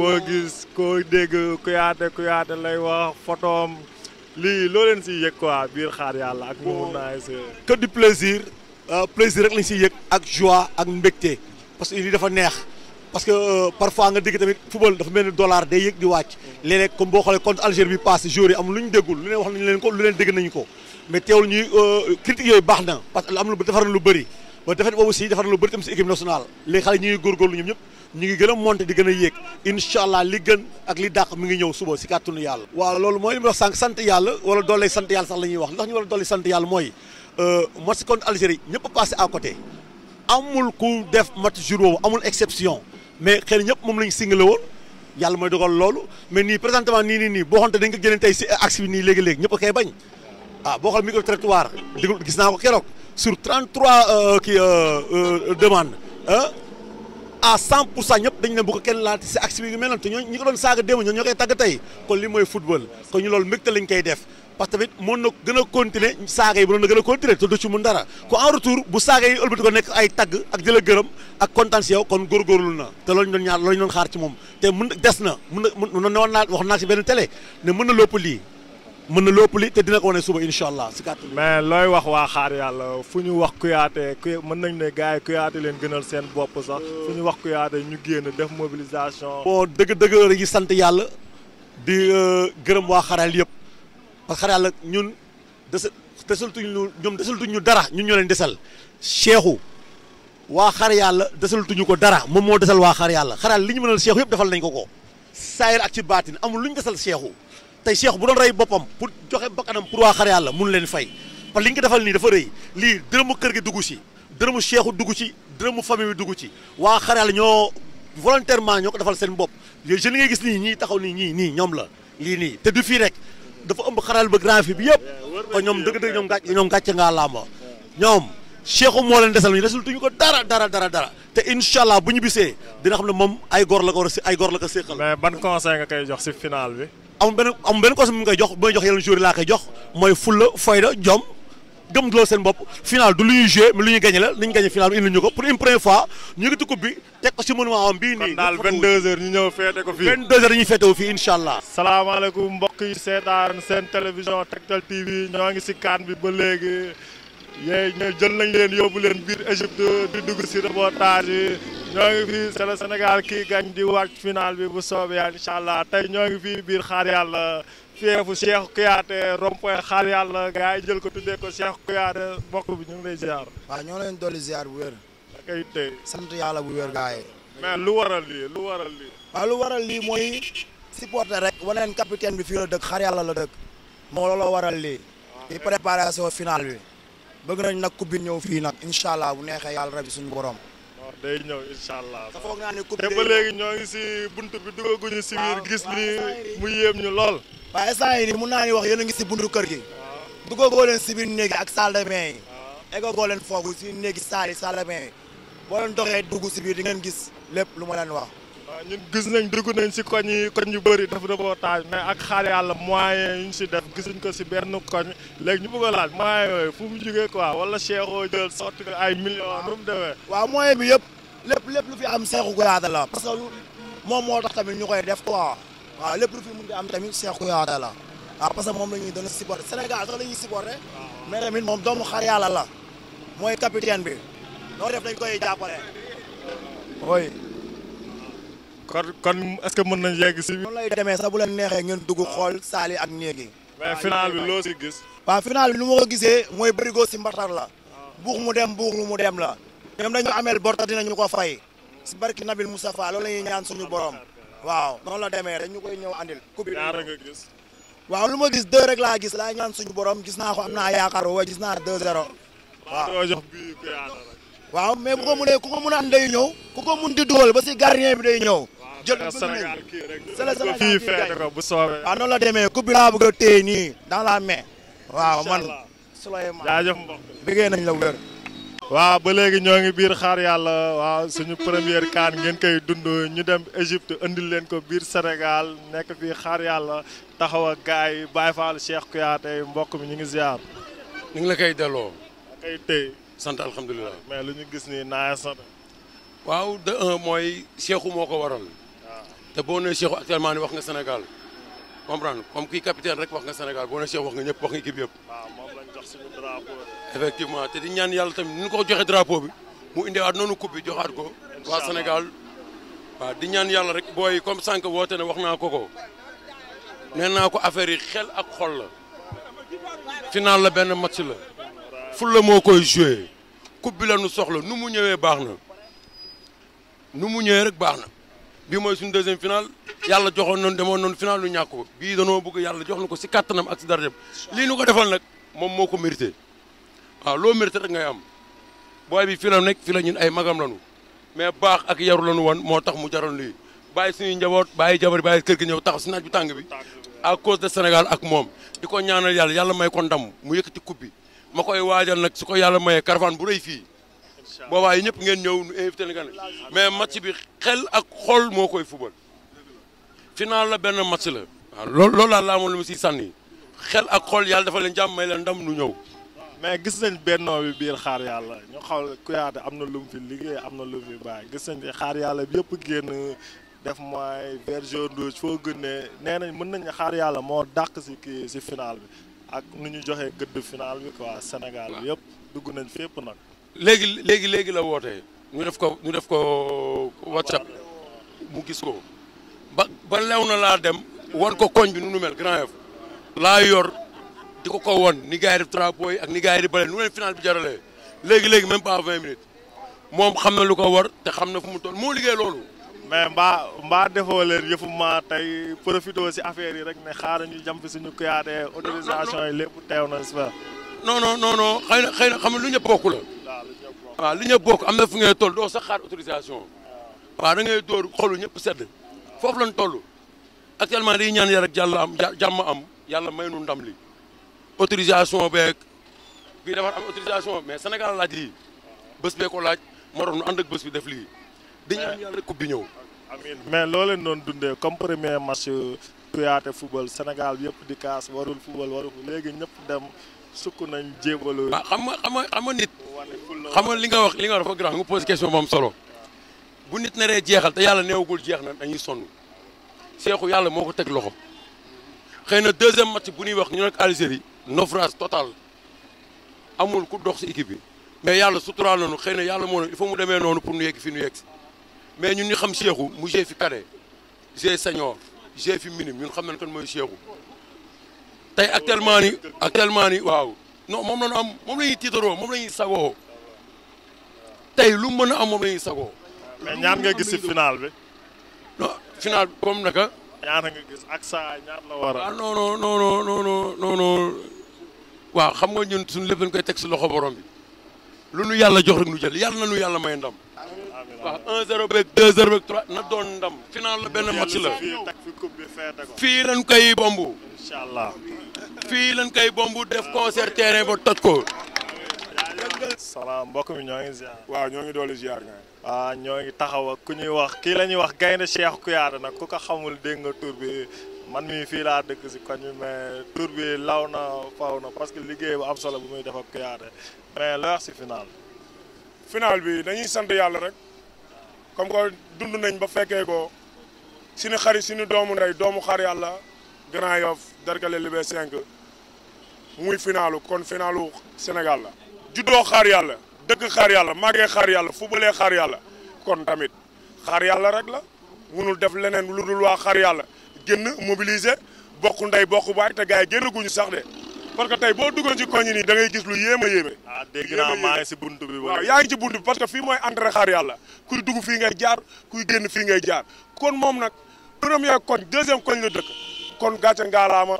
koo gis koo dégg Kouyaté Kouyaté lay wax photoom lii loo leen siy yëg quoi biir xaar yàlla ak moom naa que du plaisir euh, plaisir rek lañ siy yëg ak joie ak mbégte parce que lii dafa neex parce que euh, parfois nga dégg tamit football dafa mel ni dollar day yëg di wàcc léeg-léeg comme boo xoolee contre Algérie bi passé jour yi am lu ñu déggul lu ne wax nañ leen ko lu leen dégg nañu ko mais teewul ñuy euh, critiques yooyu baax na parce que am lu defar na lu bëri ba defet boobu si defar na lu bëri ñu ngi gën a monté di gën a yéeg incha allah li gën ak li dàq mi ngi ñëw suba si kàttanu yàlla waa loolu mooy li ma wax sànq sant yàlla wala doole sant yàlla sax la ñuy wax ndax ñu war a doole sant yàlla mooy euh, match contre Algérie ñëpp a à côté amul ku def match jour boobu amul exception mais xëy na ñëpp moom lañ singalé woon yàlla mooy dogal loolu mais nii présentement nii nii nii boo xamante dañ ko génne tey si axe bi nii léegi-léegi ñëpp a koy bañ ah boo xool micro trottoir gis naa ko keroog sur 33 euh, kii euh, demande à 100 pour cent ñëpp dañu ne bu ko kenn laal si axe bi yu te ñoo ñi ko doon saaga démb ñoo ñoo koy tàgg tey kon li mooy football kon ñu loolu mbégte lañ koy def parce que tamit mën na gën a continuer saaga yi mën na gën a continuer te du ci mun dara ko en retour bu saaga yi ëlbati ko nekk ay tagg ak jëla gërëm ak kontaan si yow kon góorgóorlu na te loolu ñu doon ñaar loolu ñu doon xaar ci moom te mun des na mun na mun naa wax naa si benn télé ne mën na lópp lii mën na lépp li te dina ko wane suba incha allah si kàttan. mais looy wax waa xaar yàlla fu ñu wax kuyaate ku mën nañ ne gaa yi kuyaate leen gënal seen bopp sax fu ñu wax kuyaate ñu génn def mobilisation. bon dëgg-dëgg dañuy sant yàlla di euh, gërëm waa xaral yëpp parce que yàlla ñun des desaltuñ ñu ñoom desaltuñ ñu dara ñun ñoo leen desal Cheikhou waa xar yàlla desaltuñu ko dara moom moo desal waa xar yàlla xaral li ñu mënal Cheikhou yëpp defal nañ ko ko saayir ak ci baatin amul lu ñu desal Cheikhou tey Cheikh bu doon rey boppam pour joxe bakkanam pour waa xar yàlla mun leen fay parce li nga ko defal nii dafa rëy lii dërëmu kër gi dugg si dërëmu Cheikhu dugg ci dërëmu famille bi dugg ci waa xar yàlla ñoo volontairement ñoo ko defal seen bopp yooyu jeunes gis nii ñii taxaw nii ñii nii ñoom la lii nii te du fii rek dafa ëmb xaral ba grand fi bi yëpp kon ñoom dëgg-dëgg ñoom gàcc ñoom gàcce ngaa laamba ñoom Cheikhu moo leen desal ñu desultuñu ko dara dara dara dara te incha allah bu ñu bisee dina xam ne moom ay góor la ko ay góor la ko séqal mais ban conseil nga amul benn amul benn conseil bu koy jox bu may jox yeneen joueurs laa koy jox mooy fulla fayda jom gëm loolu seen bopp final du lu ñuy joué mais lu ñuy gagné la li ñu gagné final indi ñu ko pour une première fois ñu ngi tukub bi teg ko si monument am bii nii. kon daal 22h ñu ñëw féete ko fii 22h dañuy féete wu fii incha allah. salaamaaleykum mbokk yi seetaan seen télévision Tektal TV ñoo ngi si kaan bi ba léegi. yéen ñoo jël nañ leen yóbbu leen biir Égypte di dugg si reportage yi ñoo ngi fii c'est le Sénégal kii gañ di wàcc final bi bu soobee yàlla allah tey ñoo ngi fii biir xaar yàlla feefu Cheikh Kouyaté rond-point xaar yàlla gars jël ko tuddee ko Cheikh Kouyaté mbokk bi ñu ngi lay ziar. waaw ñoo leen dolli ziar bu wér. kay tey sant yàlla bu wér gars mais lu waral lii lu waral lii. waaw lu waral lii mooy supporter rek wane leen bi fii la dëkk xaar yàlla la dëkk. moo loolu waral lii. ci ah, bëgg nañ nag coupe bi ñëw fii nag incha allah bu neexee yàlla rabi suñu borom. waaw day ñëw incha allah. te foog naa ne coupe ba léegi ñoo ngi si buntu bi duggaguñu si biir gis ni mu yéem ñu lool. waaw instant yii nii mun naa ni wax yéen a ngi si buntu kër gi. duggagoo leen si biir néegi ak sal de yi. eggagoo leen foofu si néegi salle sal salle de bain yi. boo leen doxee dugg si biir di ngeen gis lépp lu ma leen wax. waaw ñun gis nañ dugg nañ si koñ yi koñ yu bëri def reportage mais ak xaar yàlla moyen ñu si def gisuñ ko si benn koñ léegi ñu bëgg laaj moyen fu mu jógee quoi wala Cheikhoo jël sotti ay millions nu mu demee waaw moyen bi yëpp lépp lépp lu fi am Cheikhou Gouyaté la parce que moom moo tax tamit ñu koy def quoi waaw lépp lu fi mun di am tamit Cheikhou Gouyaté la waaw moom la ñuy doon supporté Sénégal sax la ñuy supporté mais tamit moom doomu xaar yàlla la mooy capitaine bi noo def dañ koy jàppale oui kon kon est-ce que mën nañ yegg si. noonu lay demee sax bu leen neexee ngeen dugg xool saali ak néeg yi. mais final bi loo si gis. waaw final bi nu gisee mooy bërigo si mbatar la. buux mu dem buux lu mu dem la. ñoom dañu ameel bor te dinañu ko fay. si barki Nabil Moustapha loolu la ñuy suñu borom. waaw noonu la demee rek ñu ñëw andil. coupe gis. waaw lu ma gis deux rek laa gis laa ñaan suñu borom gis naa ko am naa yaakaar woo gis naa deux zéro. waaw jox bi waaw mais bu ko mënee ku ko mën a am day ñëw ku ko mën di dugal ba si gardien bi day ñëw jël fii feete ko bu soobee. waaw ah, noonu la demee coupe bi laa bëgg a téye nii dans la main. waaw man Souleymane waaw ba léegi ñoo ngi biir xaar yàlla waaw suñu première CAN ngeen koy dund ñu dem Égypte andil leen ko biir Sénégal nekk fii xaar yàlla taxaw ak gars yi Baye Fall mbokk mi ñu ngi ziar. ñu ngi la koy delloo. kay tey. sant alhamdulilah mais lu ñu gis nii naaj sant. waaw de mooy Cheikhou moo ko waral. te boo nee Cheikhou actuellement ni wax nga Sénégal comprendre comme kii capitaine rek wax nga Sénégal boo nee Cheikhou wax nga ñëpp wax nga équipe yëpp. waaw te di ñaan yàlla tamit ni ko joxe drapeau bi mu indiwaat noonu coupe bi joxaat ko. waa Sénégal waaw di ñaan yàlla rek booy comme sànq woote ne wax naa ko ko nee naa ko affaire yi xel ak xol la final la benn match la ful la moo koy joué coupe bi la nu soxla nu mu ñëwee baax na nu mu ñëwee rek baax na. bi mooy suñu deuxième finale yàlla joxoon noonu demoon noonu finale ñu ñàkk ko bii danoo bëgg yàlla jox na ko si kattanam ak si dara lii nu ko defal nag moom moo ko mérité waaw loo mérité rek ngay am booy bi fii la nekk fii la ñun ay magam lañu mais baax ak yaru lañu woon moo tax mu jaroon lii bàyyi suñuy njaboot bàyyi jabar bàyyi kër gi ñëw taxaw si naaj bu tàng bi à cause de Sénégal ak moom di ko ñaanal yàlla yàlla may ko ndam mu yëkkati coupe bi ma koy waajal nag su ko yàlla mayee caravane bu rëy fii boobaa yi ñëpp ngeen ñëw nu invité mais match bi xel ak xol moo koy fubal final la benn match la lool loolu loolu daal laa amoon lu mu si sànni xel ak xol yàlla dafa leen jàmm may la ndam nu ñëw mais gis nañ bennoo bi biir xaar yàlla ñu xaw Kouyaté am na lu mu fi liggéey am na lu mu fi bàyyi gis nañ fi xaar yàlla bi yëpp génn def mooy version douze foo gënne nee nañ mën nañ xaar yàlla moo dàq si kii si final bi ak nu ñu joxe gëdd final bi quoi Sénégal bi yëpp dugg nañ fépp nag léegi léegi léegi la wootee ñu def ko ñu def ko whatsapp mu gis ko ba ba lew na laa dem wan ko koñ bi nu nu grand Yoff laa yor di ko ko won ni gars yi def ak ni gars yi di bale nu leen final bi jaralee léegi léegi même pas vingt minutes moom xam na lu ko war te xam na fu mu toll moo liggéey loolu. mais mbaa mbaa defoo leen yëfu tey profité si affaire yi rek ne xaaral ñu jam fi suñu kuyaatee autorisation yi lépp teew na si non non non non xëy na xam na lu ñëpp waaw li ñu bokk am na fu ngay toll doo sax xaar autorisation waaw da dóor xolu ñëpp sedd foofu lañ toll actuellement day ñaan yàlla jàlla am jàmm am yàlla may nu ndam li autorisation beeg bii dafa am autorisation mais Sénégal laaj lii bés bee ko laaj moo tax nu ànd ak bés bi def lii di ñaan yàlla coupe bi ñëw mais loo leen doon dundee comme premier match euh, Piyaate football Sénégal yëpp di kaas warul football warul léegi ñëpp dem sukk nañ jébalu. waaw xam nga li nga wax li nga wax dafa grand nga posé question moom solo bu nit naree jeexal te yàlla neewagul jeex na dañuy sonn seexu yàlla moo ko teg loxo xëy na deuxième match bu ñuy wax ñu nekk Algérie naufrage total amul ku dox si équipe bi mais yàlla suturaal nañu xëy na yàlla moo il mu demee noonu pour nu yegg fi nu yegg si mais ñun ñu xam seexu mu jee fi cadet jee senior jee fi minime ñun xam nañ kan mooy seexu tey actuellement ni actuellement ni waaw non moom la ñu am moom la ñuy tiitaroo moom la ñuy sagoo tey lu mën am moom la ñuy sagoo. mais ñaan nga gis si bi. non final bi comme naka. nga gis ak a. Ah, non non non non non xam nga ñun suñu lépp dañ koy teg si loxo borom bi lu nu yàlla jox rek nu jël yàlla na nu yàlla may ndam. waaw 1 0 beeg 2 0 beeg 3 na doon ndam final la benn match la fii lan koy bombu. incha allah fii lañ koy bombu def concert terrain ba toj ko. salaam mbokk mi ñoo ngi ziar. waaw ñoo ngi doole ziar. ah ñoo ngi taxaw ku ñuy wax kii la ñuy wax gaynde Cheikh Kouyaté nag ku ko xamul dégg nga tur bi man mii fii laa dëkk si koñ bi mais tur bi law na faw na parce que liggéey bu am solo bu muy def ak Kouyaté mais loo wax si final. bi dañuy sant yàlla rek. comme que dund nañ ba fekkee ko suñu xari suñu doomu ndey doomu xar yàlla Grand Yoff Derklé Liberté 5 muy finalu kon finalu Sénégal la juddoo xaar yàlla dëkk xaar yàlla màggee xaar yàlla fubalee xaar yàlla kon tamit xaar yàlla rek la munul def leneen lu dul waa xaar yàlla génn mobiliser bokk ndey bokk baay te gars yi guñu sax de parce que tey boo duggoon ci koñ nii da gis lu yéem a yéeme. ah dégg naa maa ngi si buntu bi. waaw yaa ngi ci buntu bi parce que fii mooy entrée xaar yàlla kuy dugg fii ngay jaar kuy génn fii ngay jaar kon moom nag premier koñ deuxième koñ la dëkk kon gàcce ngaalaama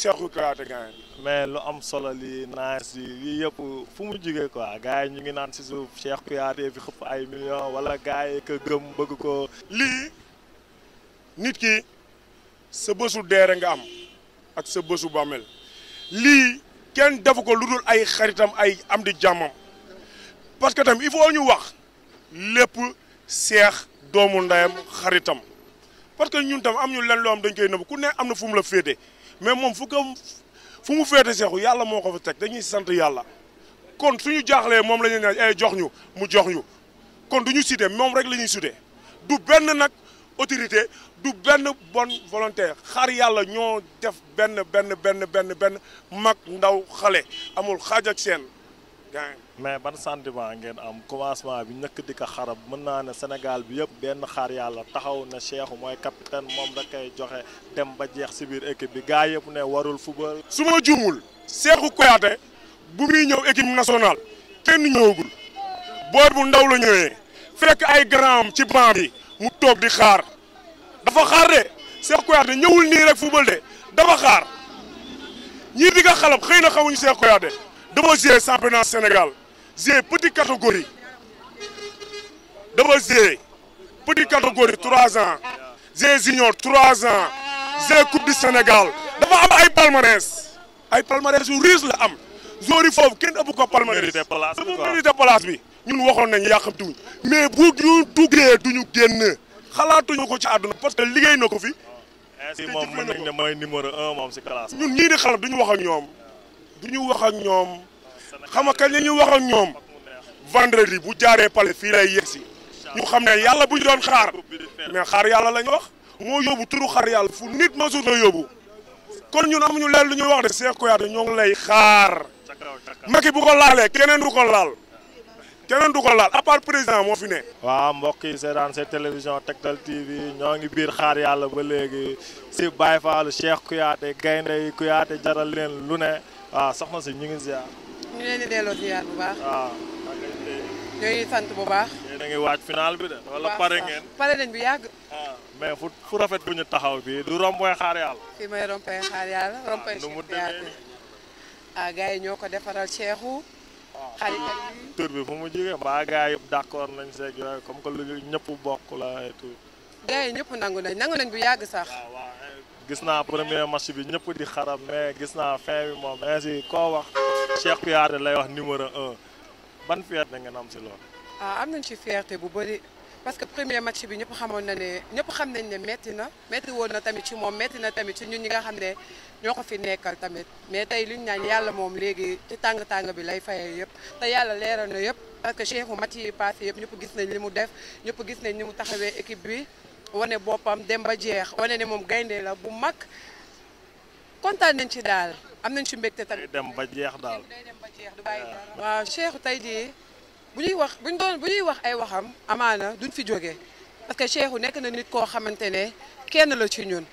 Cheikhou Kouyaté gaay mais lu am solo li naas yi yii fu mu jugee quoi gars yi ñu ngi naan si suuf Cheikh Kouyaté fi xëpp ay million wala gars yi ko bëgg ko. lii nit ki sa bësu deere nga am ak sa bësu bàmmeel lii kenn defu ko lu dul ay xaritam ay am di jàmmam parce que tamit il faut ñu wax lépp seex doomu ndayam xaritam parce que ñun tam am ñu lenn loom dañ koy nëbb ku ne am na fu mu la féete mais moom fu ko fu mu féete seexu yàlla moo ko fa teg dañuy sant yàlla kon suñu jaaxlee moom la ñuy naan ay eh, jox ñu mu jox ñu kon du ñu sute moom rek la ñuy du benn nag autorité du benn bon volonté xaar yàlla ñoo def benn benn benn benn benn mag ndaw xale amul xaaj ak seen mais ban sentiment ngeen am commencement bi ñëkk di xarab mën naa ne Sénégal bi yëpp benn xaar yàlla taxaw na Cheikhou mooy capitaine moom da koy joxe dem ba jeex si biir équipe bi gars yëpp ne warul football. su ma juumul Cheikhou Kouyaté bu muy ñëw équipe national kenn ñëwagul boor bu ndaw la ñëwee fekk ay grand ci banc bi mu toog di xaar dafa xaar de Cheikh Kouyaté ñëwul nii rek football de dafa xaar ñii di nga xalab xëy na xamuñu Cheikh Kouyaté dama joué championnat Sénégal joué petite catégorie dama joué petite catégorie trois ans joué junior trois ans joué coupe du Sénégal dafa am ay palmarès ay palmarès yu riche la am joueur yi foofu kenn ëpp ko palmarès dafa mérité place bi ñun waxoon nañu yàqamtiwuñ mais bu ñu duggee duñu génn xalaatuñu ko ci àdduna parce que liggéey na ko fi. moom mën nañ ne mooy numéro moom si classe. ñun ñii di xalaat duñu wax ak ñoom duñu wax ak ñoom xam nga kañ la ñuy wax ak ñoom vendredi bu jaaree pale fii lay yegsi ñu xam ne yàlla bu ñu doon xaar mais xaar yàlla lañ wax moo yóbbu turu xaar yàlla fu nit ma suut la yóbbu kon ñun amuñu leen lu ñuy wax de Cheikh Kouyaté ñoo ngi lay xaar Macky bu ko laalee keneen du ko laal. keneen du ko laal à part président moo fi ne. waaw mbokk yi seetaan seen télévision Tektal TV ñoo ngi biir xaar yàlla ba léegi si Baye Fallou Cheikh Kouyaté gaynde yi Kouyaté jaral leen lu ne waaw soxna si ñu ngi ziar. ñu leen di delloo ziar bu baax. waaw. ñooy sant bu baax. da ngay waaj final bi de. wala pare ngeen pare nañ bu yàgg. Ah, mais fu rafet bu ñu taxaw bi du rompoy xaar yàlla. fii may rompoy xaar yàlla rompoy. Ah, nu ah, yi ñoo ko defaral xarit tur bi fu mu jógee mbaa gars yëpp d' accord nañ seeg yooyu comme que lu ñëpp bokk la et tout. yi ñëpp nangu nañ nangu nañ bu yàgg sax. Ah, eh, gis naa premier match bi ñëpp di xaram mais gis naa fin bi moom ainsi eh, koo wax Cheikh Kouyaté lay wax numéro un ban fierté ngeen am si loolu. ah am nañ ci fierté bu bari parce que premier match bi ñëpp xamoon na ne ñëpp xam nañ ne metti na metti woon na tamit ci moom metti na tamit ci ñun ñi nga xam ne ñoo ko fi nekkal tamit mais tey li ñu naan yàlla moom léegi ci tàng-tàng bi lay fayee yëpp te yàlla leeral na yëpp parce que cheikhu match yi passé yëpp ñëpp gis nañ li mu def ñëpp gis nañ ni mu taxawee équipe bi wane boppam dem ba jeex wane ne moom gaynde la bu mag kontaan nañ ci daal am nañ ci mbégte tamit. day jeex daal waaw bu ñuy wax bu ñu bu ñuy wax ay waxam amaana duñ fi jóge parce que Cheikhou nekk na nit koo xamante ne kenn la ci ñun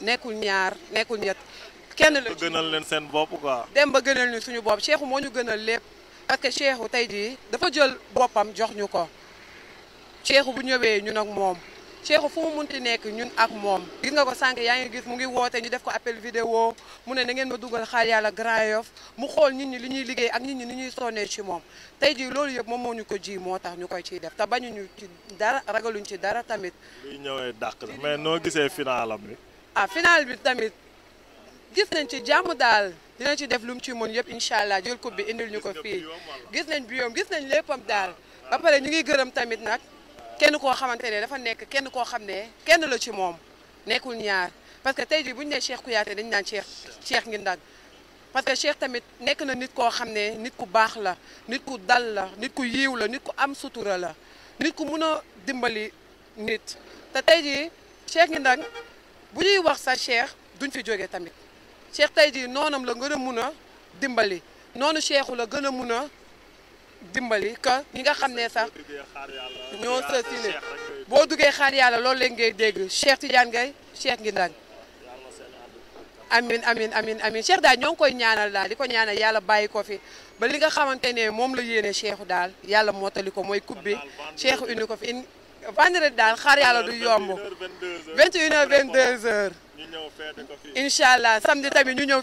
nekkul ñaar nekkul ñett kenn la ci gënal leen seen bopp quoi. dem ba gënal ñu suñu bopp Cheikhou moo ñu gënal lépp parce que Cheikhou tey jii dafa jël boppam jox ñu ko Cheikhou bu ñëwee ñun ak moom. Cheikhou fu mu munti nekk ñun ak moom gis nga ko sànq yaa ngi gis mu ngi woote ñu def ko appel vidéo mu ne na ngeen ma dugal xaar yàlla Grand Yoff mu xool nit ñi li ñuy liggéey ak nit ñi ni ñuy sonnee ci moom tey jii loolu yëpp moom moo ñu ko ji moo tax ñu koy ciy def te bañuñu ci dara ragaluñ ci dara tamit luy ñëwee dàq la mais noo gisee finalam bi ah final bi tamit gis nañ ci jàmm daal dinañ ci def lu mu ci mën yëpp incha allah jël coupe bi indil ñu ko fii gis nañ biyoom gis nañ léppam daal ba pare ñu ngi gërëm tamit nag kenn koo xamante ne dafa nekk kenn koo xam ne kenn la ci moom nekkul ñaar parce que tey jii bu ñu nee Cheikh Kouyaté dañu naan Cheikh Cheikh ngi ndag parce que Cheikh tamit nekk na nit koo xam ne nit ku baax la nit ku dal la nit ku yiw la nit ku am sutura la nit ku mun a dimbali nit te tey jii Cheikh ngi ndag bu ñuy wax sa Cheikh duñ fi jógee tamit Cheikh tey jii noonam la gën a mun a dimbali noonu Cheikhu la gën a mun a dimbali ka ñi nga xam ne sax ñoo sa boo duggee xaar yàlla lool léegi ngay dégg Cheikh Tidiane ngay Cheikh ngi ndang amin amin amin amin Cheikh daal ñoo ngi koy ñaanal daal di ko ñaanal yàlla bàyyi ko fi ba li nga xamante ne moom la yéene Cheikh daal yàlla mottali ko mooy coupe bi Cheikh ko fi in daal xaar yàlla du yomb 21 allah samedi tamit ñu ñëw